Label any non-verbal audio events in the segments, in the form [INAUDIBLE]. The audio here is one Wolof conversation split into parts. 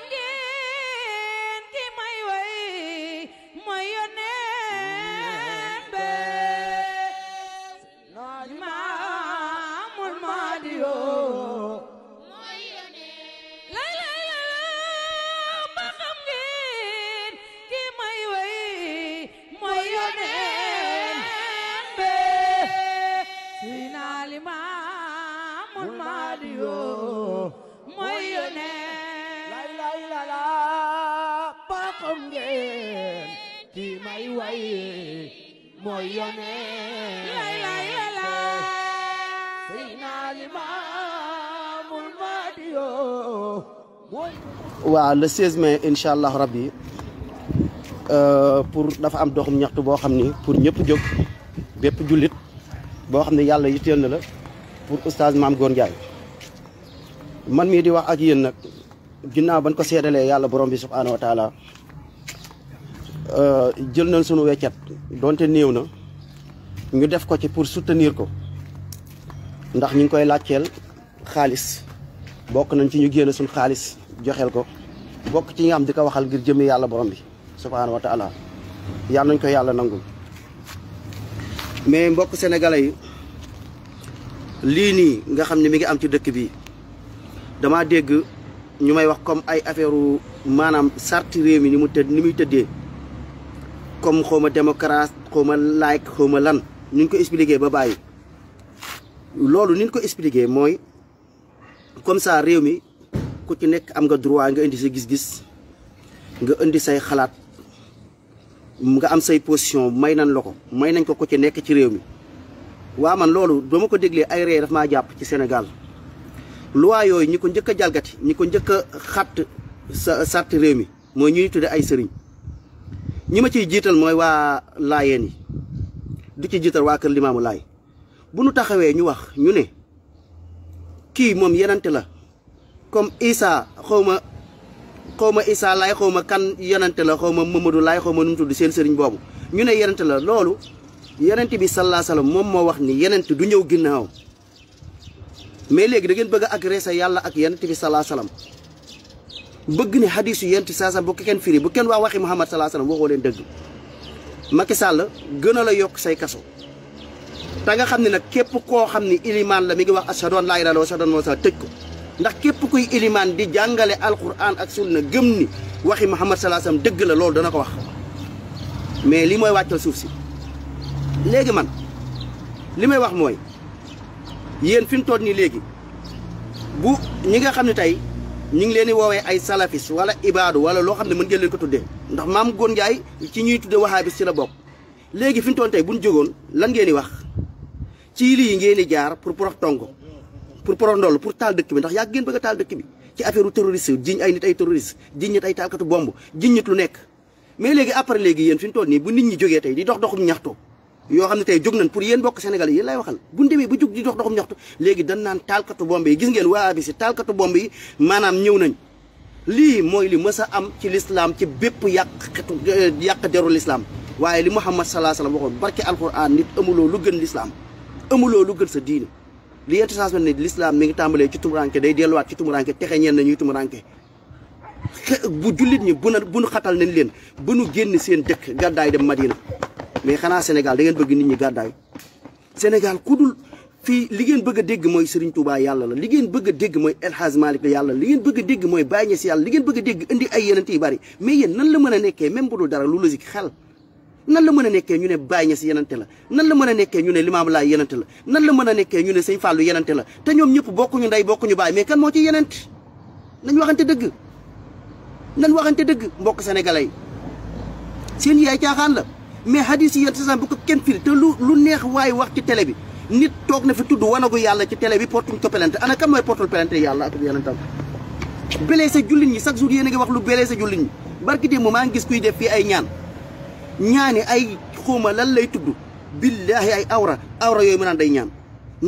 am di waaw le 16 mai incha allah rabbi euh, pour dafa am doxum ñaxtu boo xam ni pour ñëpp jóg bépp jullit boo xam ne yàlla yitteel na la pour oustaz Mame Gor Ndiaye man mii di wax ak yéen nag ginnaaw bañ ko seedalee yàlla borom bi subhaanahu wa taala euh, jël nañ sunu weccet donte néew na ñu def ko ci pour soutenir ko ndax ñu ngi koy laajteel xaalis bokk nañ ci ñu génn suñu xaalis joxeel ko bokk ci ñi am di ko waxal ngir jëmee yàlla borom bi subhaanahu wa yàlla nañ ko yàlla nangul mais mbokk sénégalais yi lii nii nga xam ne mi ngi am ci dëkk bi damaa dégg ñu may wax comme ay affaire maanaam sarti réew mi ni mu tëdd ni muy tëddee comme xaw ma démocrate xaw ma laïc xaw ma lan ni ñu ko expliqué ba bàyyi loolu ni ko expliqué mooy comme ça réew mi ku ci nekk am nga droit nga indi sa gis-gis nga indi say xalaat nga am say position may nañ la ko may nañ ko ko ci nekk ci réew mi waa man loolu dama ko déglee ay ree daf maa jàpp ci Sénégal loi yooyu ñi ko njëkk a jalgati ñi ko njëkk a xàtt sa sàrt réew mi mooy ñuy tudde ay sëriñ ñi ma ciy jiital mooy waa laayeen yi du ci jiital waa kër limaamu laay bu nu taxawee ñu wax ñu ne kii moom yenante la comme Isa xaw ma xaw ma Isa laay xaw ma kan yonente la xaw ma Mamadou laay xaw ma nu mu seen sëriñ boobu ñu ne yonente la loolu yonente bi sallallahu alayhi moom moo wax ni yonente du ñëw ginnaaw mais léegi da ngeen bëgg a agresser yàlla ak yonente bi sallallahu alayhi wa sallam bëgg ni xadiis yu yonente bu kenn firi bu kenn waa waxi Muhammad sallallahu alayhi wa waxoo leen dëgg Macky Sall gën a la yokk say kaso te nga xam ne nag képp koo xam ni ilimaan la mi ngi wax ashhadu an laa ilaaha illallaah wa ko ndax képp kuy ilimaan di jàngale alquran ak na gëm ni waxi Muhammad salaa sallam dëgg la loolu dana ko wax mais lii mooy wàccal suuf si léegi man li may wax mooy yéen fi mu toll nii léegi bu ñi nga xam ne tey ñu ngi leen di woowee ay salafis wala ibaadu wala loo xam ne mën ngeen ko tuddee ndax maam Góor Njaay ci ñuy tudde wahabis ci la bokk léegi fi mu toll tey bu ñu jógoon lan ngeen di wax ci lii ngeen di jaar pour porox tongo pour porondol pour taal dëkk bi ndax yaa ngeen bëgg a taal dëkk bi ci affaire terroriste jiñ ay nit ay terroriste jiñ nit ay taalkatu bomb jiñ nit lu nekk mais léegi après léegi yéen fi ñu toll nii bu nit ñi jógee tey di dox doxum ñaxtu yoo xam ne tey jóg nañ pour yen bokk senegal yi yéen laay waxal bu ñu demee ba jóg di dox doxum ñaxtu léegi dañ naan taalkatu bomb yi gis ngeen waa bi si taalkatu bomb yi maanaam ñëw nañ lii mooy li mës a am ci lislaam ci bépp yàq xetu euh, yàq deru l'islam waaye li Muhammad salaa salaam waxoon barke alquran nit amuloo lu gën l'islam amuloo lu gën sa diine li yentu saas ne l'islam mi ngi tàmbalee ci tumuranke day delluwaat ci tumuranke texe ñeen na ñuy tumuranke bu jullit ñi bu na bu xatal nañ leen ba nu génn seen dëkk gàddaay dem Madina mais xanaa senegal da ngeen bëgg nit ñi gàddaay Sénégal ku dul fii li ngeen bëgg a dégg mooy Serigne Touba la li ngeen bëgg a dégg mooy El Hadj Malick la yàlla la li ngeen bëgg a dégg mooy Baye Niass yàlla li ngeen bëgg a dégg ay yeneen bari mais yéen nan la mën a nekkee même bu dul dara lu logique xel nan la mën a nekkee ñu ne Baye Niass yenante la nan la mën a nekkee ñu ne Limam Laye yenante la nan la mën a nekkee ñu ne Sëñ Fallou la te ñoom ñëpp bokkuñu ndey bokkuñu baay mais kan moo ci yenent nañ waxante dëgg nañ waxante dëgg mbokk sénégalais ay seen yaay caaxaan la mais hadis yi yenn bu ko kenn fii te lu lu neex waaye wax ci tele bi nit toog na fi tudd wanagu yàlla ci télé bi portuñ ko pelante ana kan mooy portul pelante yàlla ak yenentam belee sa jullit ñi chaque jour yéen ngi wax lu belee sa jullit ñi barki démb maa ngi gis kuy def fii ay ñaan ñaani ay xuma lan lay tudd billaahi ay awra awra yooyu mu naan day ñaan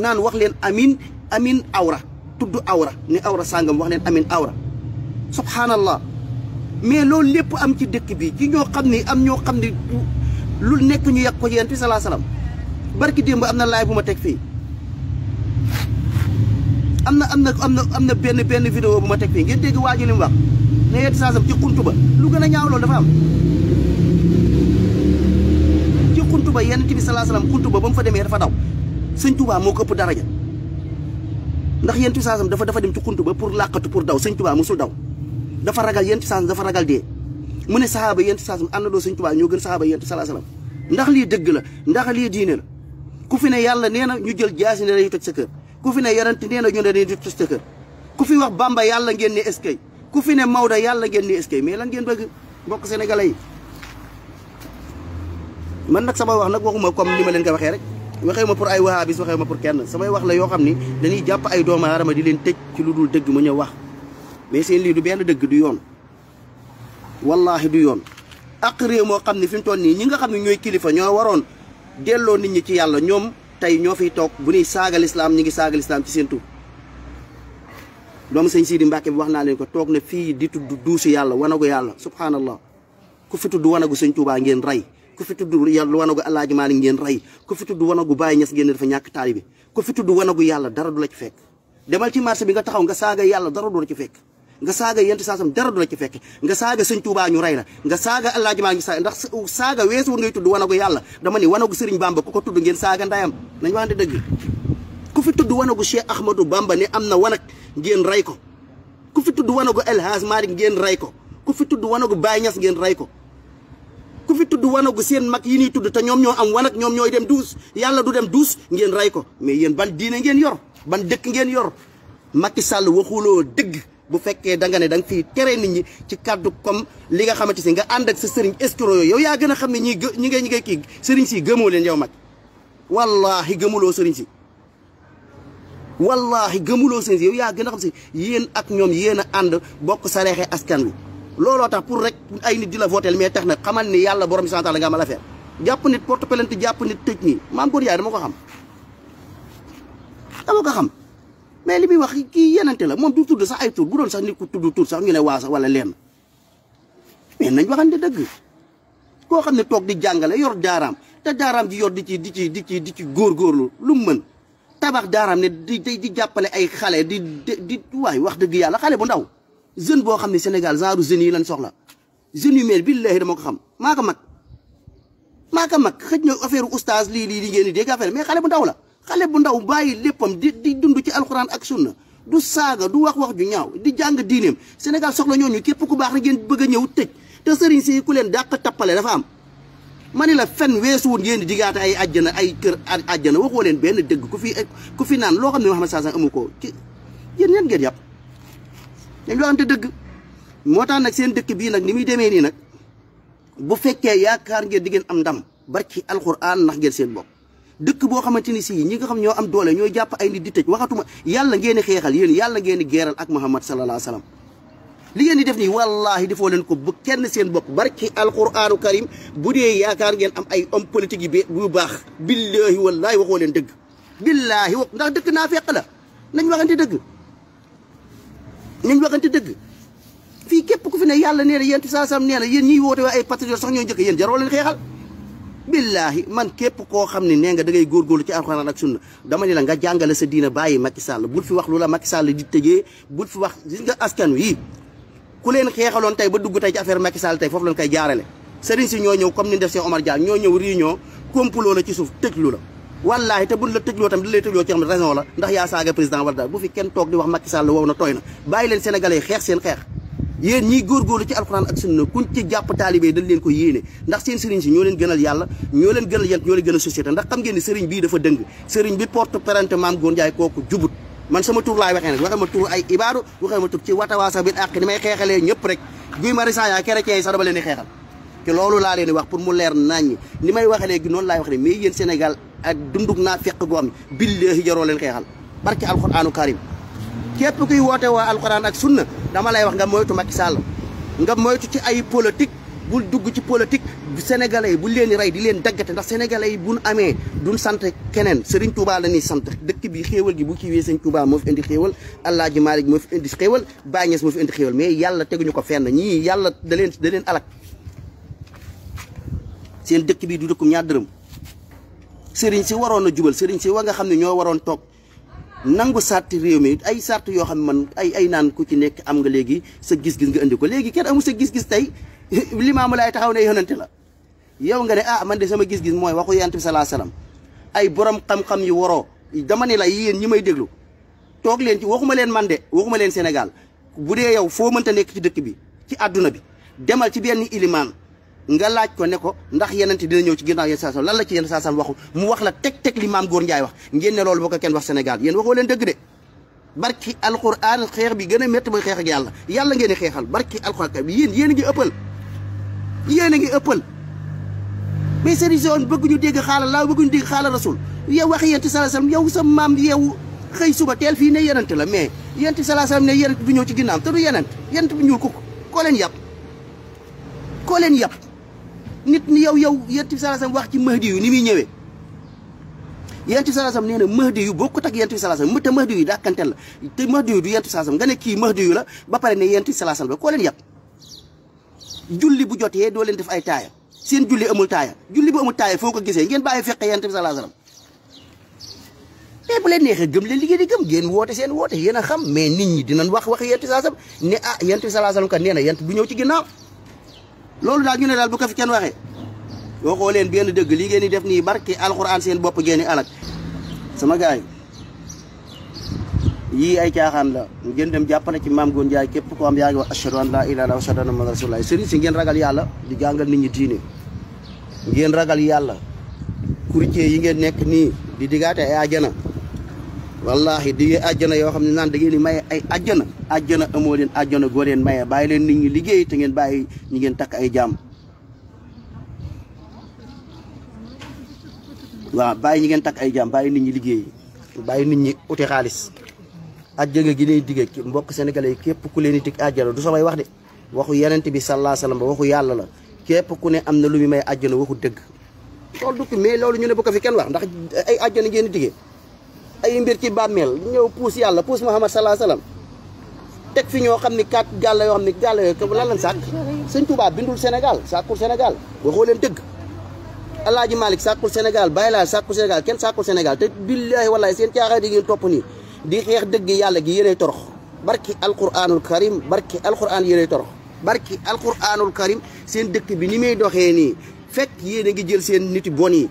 naan wax leen amiin amin awra tudd awra ni awra sàngam wax leen amin awra subhanallah mais loolu lépp am ci dëkk bi ci ñoo xam ni am ñoo xam ni lu nekk ñu yàq ko ci salaa salaam barki démb am na laay bu ma teg fii am na am na am na am na benn benn vidéo bu ma teg fii ngeen dégg waa ji li mu wax ne yonent bi ci xuntu ba lu gën a ñaaw dafa am ba yonent bi salaa salaam kuntu ba ba mu fa demee moo ko ëpp ndax yonent bi dafa dafa dem ci kuntu ba pour làqatu pour daw sëñ Touba musul daw dafa ragal yonent bi dafa ragal dee mu ne saxaaba yonent bi salaa salaam àndandoo sëñ Touba ñoo gën saxaaba yonent bi salaa salaam ndax lii dëgg la ndax lii diine ne ku fi ne yàlla nee na ñu jël jaasi ne dañuy toj sa kër ku fi ne yonent nee na ñu ne dañuy toj sa kër ku fi wax Bamba yàlla ngeen ne eskay ku fi ne Maodo yàlla ngeen ne eskay mais lan ngeen bëgg mbokk sénégalais yi man nag sama wax nag waxuma comme ni ma leen ko waxee rek waxee ma pour ay wahabis waxee ma pour kenn samay wax la yoo xam ni dañuy jàpp ay doomarama aadama di leen tëj ci lu dul dëgg ma ñëw wax mais seen lii du benn dëgg du yoon wallaahi du yoon ak réew moo xam ne fi mu nii ñi nga xam ne ñooy kilifa ñoo waroon delloo nit ñi ci yàlla ñoom tey ñoo fi toog bu ñuy saaga lislaam ñi ngi saaga lislaam ci seen tur doomu sëñ Sidi Mbàkke bi wax naa leen ko toog na fii di tudd duusu yàlla wanagu yàlla subhaanallah ku fi tudd wanagu sëñ Tuubaa ngeen rey ku fi tudd yàlla wanagu Alaaji Maalik ngeen rey ku fi tudd wanagu Baay Ñas ngeen dafa fi tudd wanagu yàlla dara la ci fekk demal ci marché bi nga taxaw nga saaga yàlla dara du fekk nga saaga yent saasam dara du la ci fekk nga saaga sëñ Tuubaa ñu rey la nga saaga Alaaji Maalik sa ndax saaga weesuwul ngay tudd wanagu yàlla dama ni wanagu Sëriñ Bàmba ku ko tudd ngeen saaga ndayam nañ waxante dëgg ku fi tudd wanagu Cheikh Ahmadou Bamba ne am na wanag ngeen rey ko ku fi tudd wanagu El Hadj Malick ngeen rey ko ku fi tudd wanagu Baay Ñas ngeen rey ko ku fi tudd wanagu seen mag yi ñuy tudd te ñoom ñoo am wanag ñoom ñooy dem duus yàlla du dem duus ngeen rey ko mais yéen ban diine ngeen yor ban dëkk ngeen yor Macky sàll waxuloo dëgg bu fekkee da nga ne dang nga fiy tere nit ñi ci kàddu comme li nga xamante si nga ànd ak sa sëriñ escro yooyu yow yaa gën a xam ne ñi ñi ngay ñi ngay kii sëriñ si gëmoo leen yow mag wallaahi gëmuloo sëriñ si wallaahi gëmuloo sëriñ si yow yaa gën a xam si yéen ak ñoom yéen a ànd bokk sareexe askan wi looloo tax pour rek ay nit di la votel mais tax na xamal ni yàlla borom si la nga amal affaire jàpp nit porte jàpp nit tëj nii maam góor yaay dama ko xam dama ko xam mais li muy wax kii yenante la moom du tudd sax ay tur bu doon sax nit ku tudd tur sax ñu ne waa sax wala lenn nañ waxante dëgg koo xam ne toog di jàngale yor daaraam te daaraam ji yor di ci di ci di ci di ci góorgóorlu lu mu mën tabax daaraam ne di di jàppale ay xale di di waay wax dëgg yàlla xale bu ndaw jeune boo xam ne Sénégal genre jeunes yi lan soxla jeunes yu mel billahi dama ko xam maa ko mag maa ko mag xëj na affaire oustaz lii lii li ngeen di dégg affaire mais xale bu ndaw la xale bu ndaw bàyyi léppam di di dund ci alxuraan ak sunna du saaga du wax wax ju ñaaw di jàng diineem Sénégal soxla ñooñu képp ku baax na ngeen bëgg ñëw tëj te sëriñ si ku leen dàq tappale dafa am ma ni la fen weesuwul ngeen di digaate ay àjjana ay kër àjjana waxoo leen benn dëgg ku fi ku fi naan loo xam ne Muhammad sallallahu alayhi amu ko ci yéen ñan ngeen yàpp dañ waxante dëgg moo tax nag seen dëkk bii nag ni muy demee nii nag bu fekkee yaakaar ngeen di ngeen am ndam barki alxuraan ndax ngeen seen bopp dëkk boo xamante ni sii ñi nga xam ñoo am doole ñooy jàpp ay nit di tëj waxatuma yàlla ngeen di xeexal yéen yàlla ngeen di geeral ak Muhammad sallallahu alayhi wa li ngeen di def nii wallaahi defoo leen ko bu kenn seen bopp barki alquraanu karim bu dee yaakaar ngeen am ay homme politique yi bu baax billaahi wallaahi waxoo leen dëgg billaahi wax ndax dëkk naa fekk la nañ waxante dëgg nañ waxante dëgg fii képp ku fi ne yàlla nee na yéen saasam nee na yéen ñiy woote waa ay patriote sax ñoo njëkk yéen jaroo leen xeexal billaahi man képp koo xam ne nee nga da ngay góorgóorlu ci alxuraan nag sunna dama ne la nga jàngale sa diina bàyyi Macky Sall bul fi wax lu la Macky Sall di tëjee bul fi wax gis nga askan wi ku leen xeexaloon tey ba dugg tey ci affaire Macky Sall tey foofu lañ koy jaarale sëriñ si ñoo ñëw comme ni def seen Omar Diagne ñoo ñëw réunion complot la ci suuf tëj la wallaahi te buñ la tëjloo tamit di lay tëjloo ci xam ne raison la ndax yaa saaga président wala daal bu fi kenn toog di wax Macky Sall wow na tooy na bàyyi leen sénégalais xeex seen xeex yéen ñiy góorgóorlu ci alxuraan ak sunna kuñ ci jàpp taalibe yi dañ leen ko yéene ndax seen sëriñ si ñoo leen gënal yàlla ñoo leen gënal yent ñoo leen gënal société ndax xam ngeen ni sëriñ bii dafa dëng sëriñ bi porte parente maam góor njaay kooku jubut man sama tur laay waxee nag waxee ma tur ay ibaadu may xeexalee ñëpp rek guy marisan yaa chrétien yi sax dama leen di loolu laa leen wax pour mu leer naññ ni may waxee léegi noonu laay wax ne mais ak dundug naa feq goo xam ne billaahi jaroo leen xeexal barke alquranu karim képp kuy woote waa alquran ak sunna dama lay wax nga moytu Macky Sall nga moytu ci ay politique bul dugg ci politique sénégalais yi buñ leen di rey di leen daggate ndax sénégalais yi buñ amee duñ sant keneen Serigne Touba la ñuy sant dëkk bi xéewal gi bu kiiwee Serigne Touba moo fi indi xéewal Alaaji Maalik moo fi indi xéewal Baay Ñas moo fi indi xéewal mais yàlla ñu ko fenn ñii yàlla da leen da leen alak dëkk bi du dëkkum ñaar dërëm sëriñ si waroon a jubal sëriñ si wa nga xam ne ñoo waroon toog nangu sàrt réew mi ay sàrt yoo xam ne man ay ay naan ku ci nekk am nga léegi sa gis-gis nga indi ko léegi kenn amu sa gis-gis tey [LAUGHS] limaamu laay taxaw ne yonante la yow nga ne ah man de sama gis-gis mooy waxu yonent bi salaa salaam ay borom xam-xam yu waroo dama ne la yéen ñi may déglu toog leen ci waxuma leen man de waxuma leen Sénégal bu dee yow foo mënta nekk ci dëkk bi ci àdduna bi demal ci benn ilimaan nga laaj ko ne ko ndax yenente dina ñëw ci ginnaaw yéen saasam lan la ci yéen saasam waxu mu wax la teg teg li maam góor njaay wax ngeen ne loolu boo ko kenn wax Sénégal yéen waxoo leen dëgg de barki alquran xeex bi gën a métti mooy xeex ak yàlla yàlla ngeen di xeexal barki alquran bi yéen yéen a ngi yéen a ngi ëppal mais seen zone bëgguñu dégg xaala laa bëgguñu dégg xaala rasul yow wax yéen ci saasam yow sa maam yow xëy suba teel fii ne yenent la mais yent ci saasam ne yenent bu ñëw ci ginnaaw te du yenent yenent bu ñuul kuk ko leen yàpp koo leen yàpp nit ñi yow yow yonent bi wax ci mahdi yu ni muy ñëwee yonent bi salaasam nee na mahdi yu bokkut ak yonent bi salaasam te mahdi yu dàkkantel la te mahdi yu du yonent bi nga ne kii mahdi yu la ba pare ne yonent bi salaasam la koo leen yàpp julli bu jotee doo leen def ay taaya seen julli amul taaya julli bu amul taaya foo ko gisee ngeen bàyyi feqe yonent bi salaasam mais bu leen neexee gëm leen liggéey di gëm ngeen woote seen woote yéen xam mais nit ñi dinañ wax wax yonent bi salaasam ne ah yonent bi na yonent bu ñëw ci ginnaaw loolu daal ñu ne daal bu ko fi kenn waxee waxoo leen benn dëgg lii ngeen di def nii barke alxuraan seen bopp ngeen di alak sama gaay yii ay caaxaan la ngeen dem jàppale ci maam Goor Njaay képp ko am yaa ngi wax a an laa ilaaha illallaah wa ashhadu anna muhammadan rasuulullaah sëriñ si ngeen ragal yàlla di jàngal nit ñi diine ngeen ragal yàlla courtier yi ngeen nekk nii di digaate ay ajana wallahi di ngeen àjjana yoo xam ne naan da ngeen di maye ay àjjana àjjana amoo leen àjjana goo leen maye bàyyi leen nit ñi liggéey te ngeen bàyyi ñi ngeen takk ay jaam waaw bàyyi ñi ngeen takk ay jaam bàyyi nit ñi liggéey bàyyi nit ñi uti xaalis àjjana gi ne digge mbokk sénégalais yi képp ku leen di dig àjjana du samay wax de waxu yenent bi sallallahu alayhi wa sallam ba waxu yàlla la képp ku ne am na lu muy may àjjana waxu dëgg loolu dukk me loolu ñu ne bu ko fi kenn wax ndax ay àjjana ngeen di ay mbir ci bàmmeel ñëw puus yàlla puus Muhammad salaa salaam teg fi ñoo xam ni kat gàlla yoo xam ni gàlla yooyu lan lan sàkk sëñ Touba bindul Sénégal sàkkul senegal waxoo leen dëgg Alaaji Malick senegal Sénégal Baye Laal sàkkul Sénégal kenn sàkkul senegal te billaahi wallaahi seen caaxaan di ngeen topp ni di xeex dëgg yàlla gi yéenay torox barki alquranul karim barki alquran yéenay torox barki alquranul karim seen dëkk bi ni muy doxee nii fekk yéen a ngi jël seen niti bon yi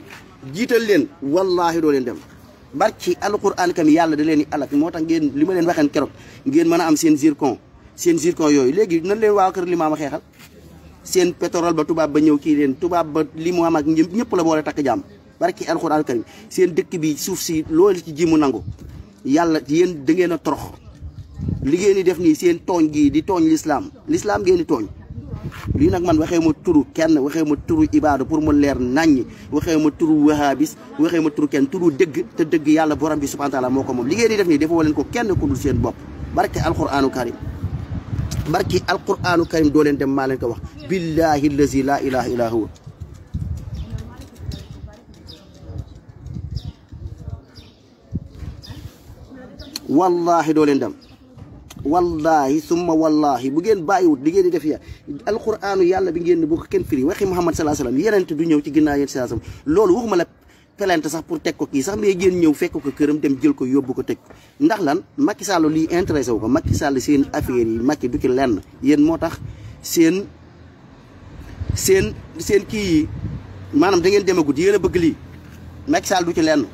jiital leen wallaahi doo leen dem ci alquran kam yàlla da leen di alak moo tax ngeen li ma leen waxeen keroog ngeen mën a am seen zircon seen zircon yooyu léegi nan leen waa kër limaama xeexal seen pétrole ba tubaab ba ñëw kii leen tubaab ba limaam ak ñëpp la boole takk jàmm barki alquran karim seen dëkk bi suuf si loolu ci ji mu nangu yàlla yéen da ngeen a torox li ngeen di def nii seen tooñ gii di tooñ lislaam lislaam ngeen di tooñ lii nag man waxee ma turu kenn waxee ma turu ibaadu pour ma leer naññ waxee ma turu wahabis waxee ma turu kenn turu dëgg te dëgg yàlla borom bi subhana taala moo ko moom liggéey di def nii defoo leen ko kenn ku dul seen bopp barke alquranu karim barki alquranu karim doo leen dem maa leen ko wax billahi allazi la ilaha illa huwa wallahi doo leen dem wallahi summa wallahi bu ngeen bàyyiwut di ngeen di def ya alquraanu yàlla bi ngeen ne bu ko kenn firi waxi muhammad salaa salaam yenente du ñëw ci ginnaaw yéen salaa salaam loolu waxuma la pelente sax pour teg ko kii sax mais ngeen ñëw fekk ko këram dem jël ko yóbbu ko teg ndax lan makki Sall lii intéressé wu ko Macky Sall seen affaire yi Macky du ci lenn yéen moo tax seen seen seen kii yi maanaam da ngeen demagut yéen a bëgg lii Macky Sall du ci lenn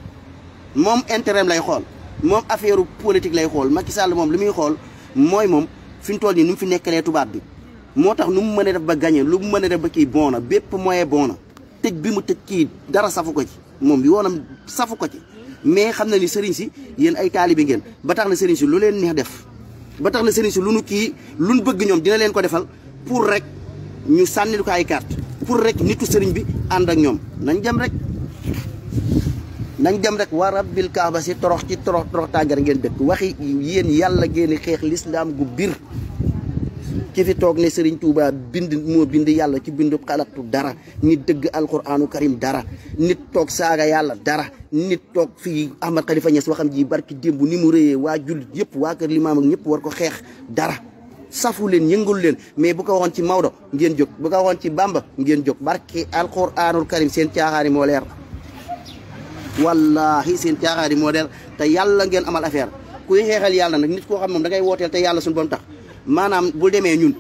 moom intérêt lay xool moom affaire politique lay xool Macky Sall moom li muy xool mooy moom fi mu toll nii nu mu fi nekkalee tubaab bi moo tax nu mu mën a def ba gañee lu mu mën a def ba kii bon na bépp moyen bon na tëj bi mu tëj kii dara safu ko ci moom yoonam safu ko ci mais xam na ni sëriñ si yéen ay taalibe ngeen ba tax na sëriñ si lu leen neex def ba tax na sëriñ lu nu kii lu nu bëgg ñoom dina leen ko defal pour rek ñu sànnil ko ay carte pour rek nitu sëriñ bi ànd ak ñoom nañ dem rek nañ dem rek wa rabbil kaaba si torox ci torox torox tàngar ngeen dëkk waxi yéen yàlla ngeen xeex lislaam gu bir ci fi toog ne Serigne Touba bind moo bind yàlla ci bindu xalatu dara nit dëgg alquranu karim dara nit toog saaga yàlla dara nit toog fii Ahmad Khalifa Niass waxam ji barki démb ni mu réyee waa jul yëpp waa kër limaam ak ñëpp war ko xeex dara safu leen yëngalu leen mais bu ko waxoon ci Maodo ngeen jóg bu ko waxoon ci Bamba ngeen jóg barki alquranul karim seen caaxaani moo leer wallahi seen caaxaari moo der te yàlla ngeen amal affaire kuy xeexal yàlla nag nit koo xam moom dangay ngay wooteel te yàlla suñu borom tax maanaam bu demee ñun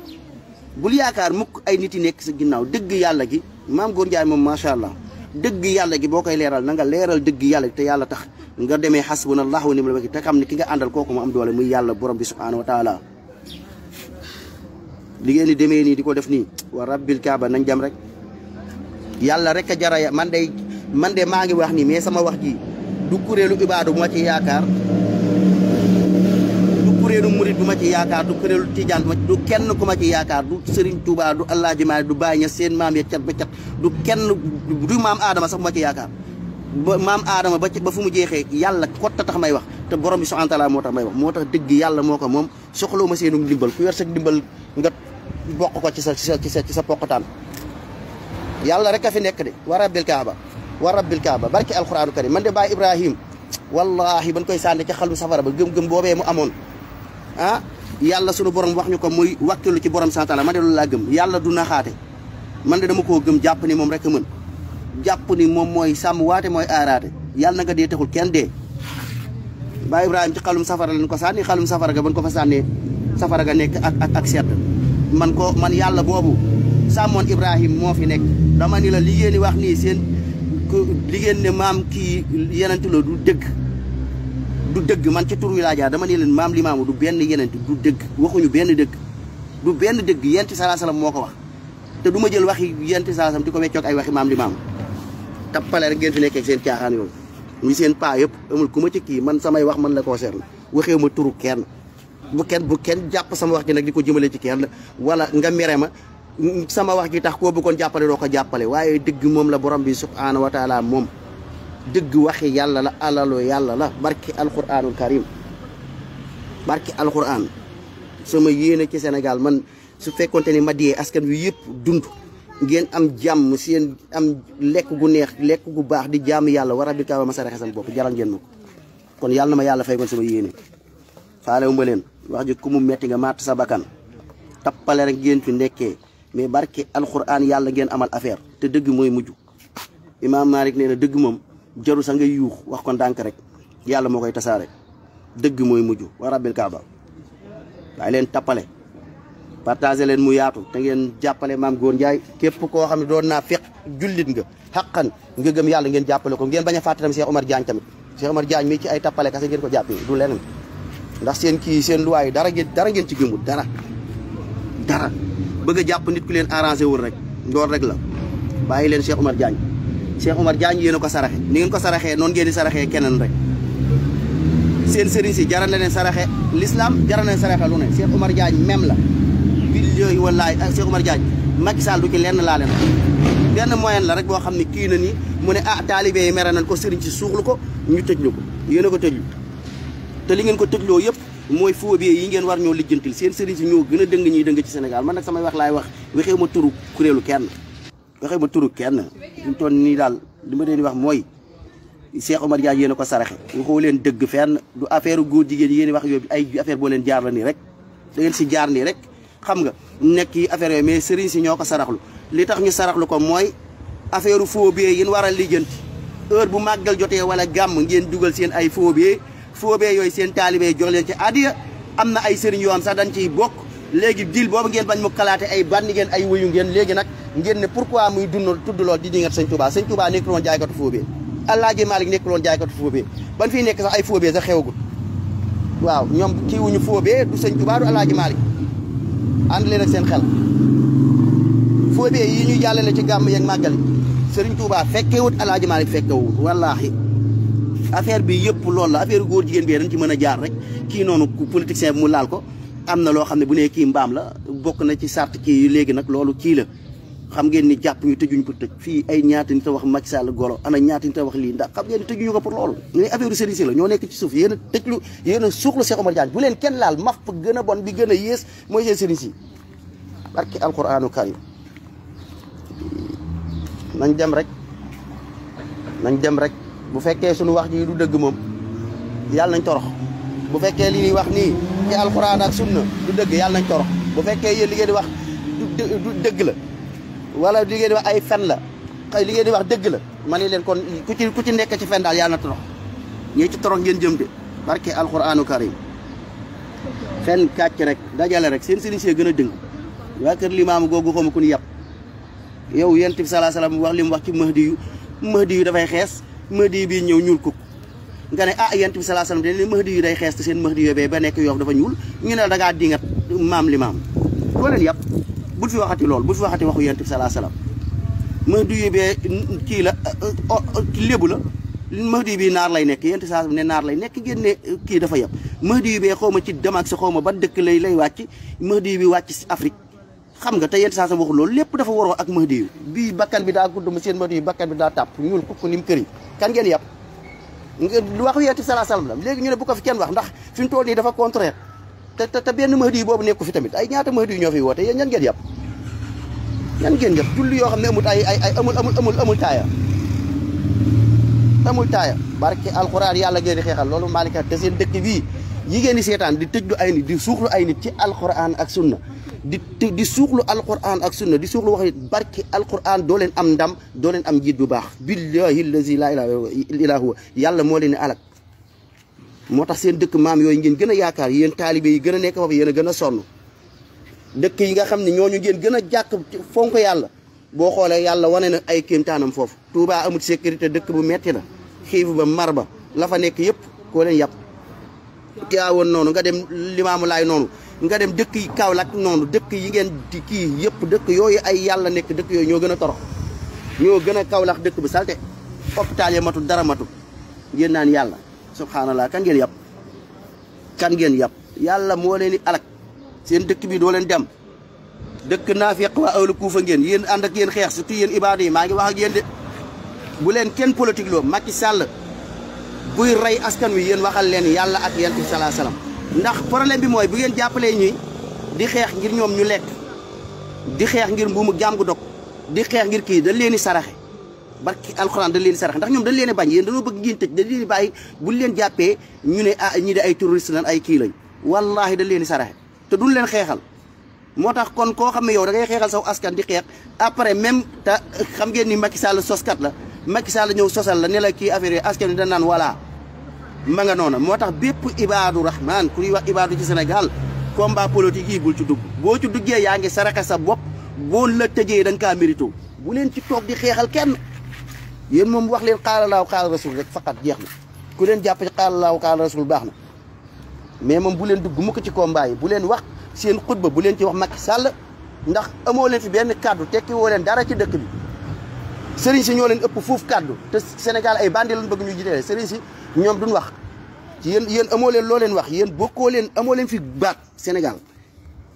bul yaakaar mukk ay nit yi nekk si ginnaaw dëgg yàlla gi maam góor njaay moom macha allah dëgg yàlla gi boo koy leeral nanga leeral dëgg yàlla te yàlla tax nga demee xas xasbunallahu wa ni'mal wakiil te xam ne ki nga àndal kooku mu am doole muy yàlla borom bi subhanahu wa taala li ngeen di demee nii di ko def nii wa rabbil nañ jam rek man de maa ngi wax nii mais sama wax ji du kuréelu ibaadu ma ci yaakaar du kuréelu bu ma ci yaakaar du kuréelu tijaan bu du kenn ku ma ci yaakaar du Serigne Touba du El Hadj du Baye Niass seen maam ya cat ba cat du kenn du maam Adama sax bu ma ci yaakaar ba maam Adama ba ba fu mu jeexee yàlla kotta tax may wax te borom bi subhaanahu wa moo tax may wax moo tax dëgg yàlla moo ko moom soxloo ma seenu ndimbal ku yor sa ndimbal nga bokk ko ci sa ci sa ci sa poqotaan yàlla rek a fi nekk de wa rabbil kaaba wa rabbil kaaba barke alquranu karim man de baay ibrahim wallahi ban koy sànni ca xalu safara ba gëm-gëm boobee mu amoon ah, yàlla sunu borom wax ñu ko muy wàkkilu ci borom santaala man de loolu laa gëm yàlla du naxaate man de dama koo gëm jàpp ni moom rek mën jàpp ni moom mooy sàmm waate mooy aaraate yàlla na nga dee taxul kenn de ba ibrahima ci xalum safara lañ ko sànni xalum safara ga ban ko fa sànnee safara ga nekk ak ak ak sedd man ko man yàlla boobu sàmmoon ibrahim li ngeen ne maam kii yenent la du dëgg du dëgg man ci tur wi laa dama ne leen maam li maamu du benn yenent du dëgg waxuñu benn dëgg du benn dëgg yent salaa salaam moo ko wax te du ma jël waxi yent salaa salaam di ko weccoog ay waxi maam li maamu tappale rek ngeen fi seen caaxaan yooyu muy seen paa yëpp amul ku ma ci kii man samay wax man la concerne waxeewu ma turu kenn bu kenn bu kenn jàpp sama wax ji nag di ko jëmale ci kenn wala nga mere ma sama wax ji tax koo bëggoon jàppale doo ko jàppale waaye dëgg moom la borom bi subhaanahu wa taala moom dëgg waxi yàlla la alalu yàlla la barki alquranul karim barki alquran sama yéene ci senegal man su fekkonte ni ma dee askan wi yëpp dund ngeen am jàmm seen am lekk gu neex lekk gu baax di jàmm yàlla war a bi kaaba ma saraxe seen bopp jaral ngeen ma ko kon yàlla na ma yàlla fay kon sama yéene faale wu ma leen wax ji ku mu metti nga matt sa bakkan tappale mais barke alquran yàlla ngeen amal affaire te dëgg mooy mujj imaam Malik nee a dëgg moom jaru sa ngay yuux wax ko ndànk rek yàlla moo koy tasaare dëgg mooy mujj wa rabbil kaaba waaye leen tappale partagé leen mu yaatu te ngeen jàppale maam góor Njaay képp koo xam ne doon naa fekk jullit nga xaqan nga gëm yàlla ngeen jàppale ko ngeen bañ a fàtte tamit Omar Diagne tamit Cheikh Omar Diagne mi ci ay tappale kase ngeen ko jàppee du leneen ndax seen kii seen luwaay dara ngeen dara ngeen ci gëmul dara dara bëgg jàpp nit ku leen arrangé wul rek ndoor rek la bàyyi leen Cheikh Omar Diagne Cheikh Omar Diagne yéen a ko saraxe ni ngeen ko saraxee noonu ngeen di saraxee keneen rek seen sëriñ si jaral na leen saraxe l'islam jaral na leen saraxe lu ne Cheikh Omar Diagne même la billaahi wallaahi ak ah, Cheikh Omar Diagne Macky Sall du ci lenn laa leen benn moyen la rek boo xam ne kii na ni mu ne ah taalibe yi mere nañ ko sëriñ si suuxlu ko ñu tëjlu ko yéen ko tëjlu te li ngeen ko tëjloo yëpp mooy phobie yi ngeen war ñoo lijjantil seen sëriñ si ñoo gën a dëng ñuy dëng ci Sénégal man nag samay wax laay wax waxee ma turu kuréelu kenn waxee ma turu kenn ñu toon nii daal li ma leen wax mooy Cheikh Omar Diagne yéen a ko saraxe waxoo leen dëgg fenn du affaire góor jigéen yéen wax yooyu ay affaire boo leen jaar la nii rek si jaar nii rek xam nga nekk yi affaire yooyu mais sëriñ si ñoo ko saraxlu li tax ñu saraxlu ko mooy affaire phobie yi war a lijjanti heure bu màggal jotee wala gàmm ngeen dugal seen ay phobie foobee yooyu seen taalibee jox leen ci adiya am na ay sëriñ yoo am sax dañ ciy bokk léegi diil boobu ngeen bañ mu kalaate ay bandi ngeen ay wuyu ngeen léegi nag ngeen ne pourquoi muy dund tudd lool di dingat sëñ Touba sëñ Touba nekkul woon jaaykatu foobee Alaaji Maalik nekkul woon jaaykatu foobee ban fii nekk sax ay foobee sax xewagul waaw ñoom kii wuñu foobee du sëñ Touba du Alaaji Maalik ànd leen ak seen xel foobee yi ñu jàllale ci gàmm yeeg màggali sëriñ Touba fekkewut Alaaji Maalik fekkewut wallaahi affaire bi yëpp loolu la affaire góor jigéen bi dañ ci mën a jaar rek kii noonu politicien bi mu laal ko am na loo xam ne bu nee kii mbaam la bokk na ci sart kii léegi nag loolu kii la xam ngeen ni jàpp ñu tëjuñ ko tëj fii ay ñaata nit a wax Macky Sall golo ana ñaata nit a wax lii ndax xam ngeen ni tëjuñu ko pour loolu ñuy affaire serici la ñoo nekk ci suuf yéen a tëjlu yéen a suuxlu Cheikh Omar Diagne bu leen kenn laal maf gën a bon bi gën a yées mooy seen serici yi barki alquranu karim nañ dem rek nañ bu fekkee sunu wax ji du dëgg moom yàlla nañ torox bu fekkee li ñuy wax nii ci alxuraan ak sunna du dëgg yàlla nañ torox bu fekkee yéen li ngeen di wax du dëgg la wala li ngeen wax ay fen la xëy li ngeen di wax dëgg la ma ne leen kon ku ci ku ci nekk ci fen daal yàlla na torox ñii ci torox ngeen jëm de barke alxuraanu karim fen kàcc rek dajale rek seen sëriñ see gën a dëng waa kër limaam googu xawma ku ñu yow yonent bi salaa salaam wax lim mu wax ci mahdi di mahdi yu dafay xees mahdi bii ñëw ñuul kukk nga ne ah yent bi salaa salaam dañ ne mahdi day xees te seen mahdi yooyu ba nekk yoof dafa ñuul ñu ne la da ngaa dingat maam li maam koo leen yàpp bul fi waxati lool bul fi waxati waxu yent bi salaa salaam mahdi yu bee kii la lébu la mahdi bii naar lay nekk yent bi salaa ne naar lay nekk ngeen ne kii dafa yàpp mahdi yu bee xaw ma ci dem si sa xaw ma ba dëkk lay lay wàcc mahdi bi wàcc si Afrique xam nga te yenn saa sama wax loolu lépp dafa waroo ak Mahdi yu bii bakkan bi daa gudd ma seen Mahdi yu bakkan bi daa tàpp ñuul kukk ni mu këriñ kan ngeen yàpp nga waxu yeeti salaa salaam la léegi ñu ne bu ko fi kenn wax ndax fi mu toll nii dafa contraire te te benn Mahdi boobu nekku fi tamit ay ñaata Mahdi ñoo fi woote yéen ñan ngeen yàpp ñan ngeen yàpp julli yoo xam ne amul ay ay ay amul amul amul amul taaya amul taaya barke alxuraan yàlla ngeen di xeexal loolu maalika te seen dëkk bii yi di seetaan di tëj ay nit di suuxlu ay nit ci alxuraan ak sunna di di suuxlu alquran ak sunna di suuxlu wax nit barki alquran doo leen am ndam doo leen am njiit bu baax billahi lazi laa ilaaha huwa yàlla moo leen ne alak moo tax seen dëkk maam yooyu ngeen gën a yaakaar yéen taalibe yi gën a nekk foofu yéen a gën a sonn dëkk yi nga xam ne ñooñu ngeen gën a jàkk fonk yàlla boo xoolee yàlla wane na ay kéemtaanam foofu tuubaa amul sécurité dëkk bu metti la xiif ba mar ba la fa nekk yëpp koo leen yàpp awoon noonu nga dem Limaamu Laay noonu nga dem dëkk yi Kaolack noonu dëkk yi ngeen di kii yëpp dëkk yooyu ay yàlla nekk dëkk yooyu ñoo gën a toro ñoo gën a Kaolack dëkk bi salte hôpital ya matul dara matul ngeen naan yàlla subhanallah kan ngeen yàpp kan ngeen yàpp yàlla moo leen di alak seen dëkk bi doo leen dem dëkk naa naafiq waa awlu kuufa ngeen yéen ànd ak xeex surtout yéen ibaada yi maa ngi wax ak yéen de bu leen kenn politique loo Macky sàll buy rey askan wi yéen waxal leen yàlla ak yonent bi salaa ndax problème bi mooy bu ngeen jàppalee ñi di xeex ngir ñoom ñu lekk di xeex ngir mbuumu jaam gu dog di xeex ngir kii dañ leen di saraxe barki alxuraan da leen di saraxe ndax ñoom dañ leen bañ yéen dañoo bëgg ngeen tëj dañ leen bàyyi buñ leen jàppee ñu ne a ah, ñii de ay terroriste lan ay kii lañ wallaahi da leen di saraxe te duñ leen xeexal moo tax kon koo xam ne yow da ngay xeexal saw askan di xeex après même te xam ngeen ni Macky Sall soskat la Macky Sall ñëw sosal la ne la kii affaire yi askan wi naan voilà ma nga noona moo tax bépp ibaadu rahman kuy wax ibaadu ci Sénégal combat politique yi bul ci dugg boo ci duggee yaa ngi saraxa sa bopp boo la tëjee da nga kaa mérito bu leen ci toog di xeexal kenn yéen moom wax leen xaala laaw xaala rasul rek faqat jeex na ku leen jàpp ci xaala laaw xaala rasul baax na mais moom bu leen dugg mukk ci combat yi bu leen wax seen xutba bu leen ci wax Macky sàll ndax amoo leen fi benn kàddu tekki leen dara ci dëkk bi sëriñ si ñoo ëpp fuuf kàddu te Sénégal ay bandi lañ bëgg ñu jitee sëriñ si ñoom duñ wax yéen yéen amoo leen loo leen wax yéen bokkoo leen amoo fi baat Sénégal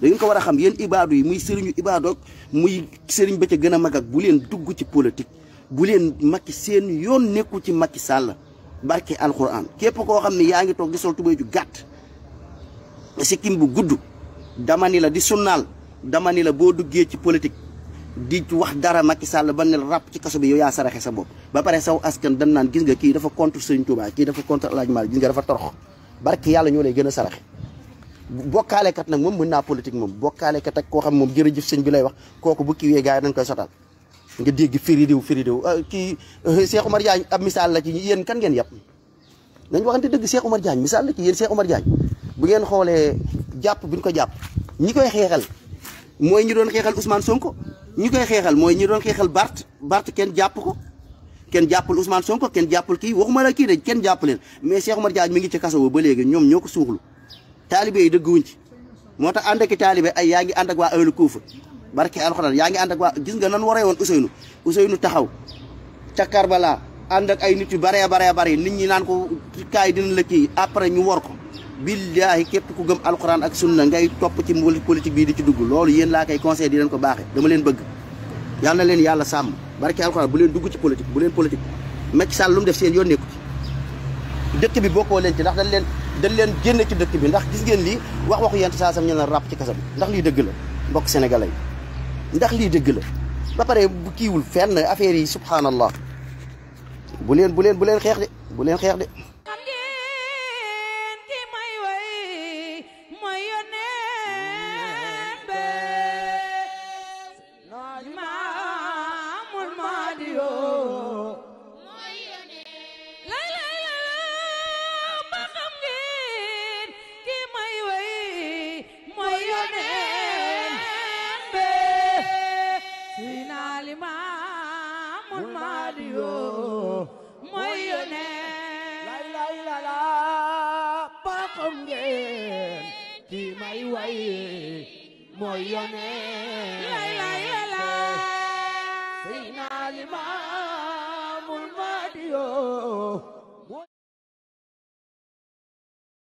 da ngeen ko war a xam yéen ibaadu yi muy sëriñu ibaadoog muy sëriñ ba ca gën a mag ak bu leen dugg ci politique bu leen Macky seen yoon nekku ci Macky Sall barke alquran képp koo xam ne yaa ngi toog di sol tubéy ju gàtt sikkim bu gudd dama ni la di sunnaal dama ni la boo duggee ci politique di wax dara Macky Sall ba ne ràpp ci kaso bi yow yaa saraxe sa bopp ba pare saw askan dañ naan gis nga kii dafa contre Serigne Touba kii dafa contre El Hadj Malick gis nga dafa torox barki yàlla ñoo lay gën a saraxe bokkaalekat nag moom mën naa politique moom bokkaalekat ak koo xam moom jërëjëf sëñ bi lay wax kooku bu kiiwee gars yi dañ koy sotal nga dégg firi diw firi diw ah, kii eh, Cheikh Omar Diagne ab misaal la ci yéen kan ngeen yàpp nañ waxante dëgg Cheikh Omar Diagne misaal la ci yéen Cheikh Omar bu ngeen xoolee jàpp bi ko jàpp ñi koy xeexal mooy ñi doon xeexal Ousmane Sonko ñi koy xeexal mooy ñi doon xeexal Bart Bart kenn jàpp ko kenn jàppul Ousmane Sonko kenn jàppul kii waxuma la kii de kenn jàpp leen mais Cheikh Omar Diagne mi ngi ci kaso ba léegi ñoom ñoo ko suuxlu taalibe yi dëgguwuñ ci moo tax ànd ak taalibe ay yaa ngi ànd ak waa ahlu Kuufa barke alxuraan yaa ngi ànd ak waa gis nga nan waree woon Ousseynou Ousseynou taxaw ca Karbala ànd ak ay nit yu baree baree bare nit ñi naan ko kaay dina la kii après ñu war ko billaahi képp ku gëm alxuraan ak sunna ngay topp ci mbooli politique bii di ci dugg loolu yéen laa koy conseil di leen ko baaxee dama leen bëgg yal leen yàlla sàmm barke alxuraan bu leen dugg ci politique bu leen politique Macky Sall lu mu def seen yoon nekku ci dëkk bi bokkoo leen ci ndax dañ leen dañ leen génne ci dëkk bi ndax gis ngeen lii wax waxu yent saa sam ñu ne ràpp ci kasam ndax lii dëgg la mbokk sénégalais yi ndax lii dëgg la ba pare bu kiiwul fenn affaire yi subhaanallah bu leen bu xeex de xeex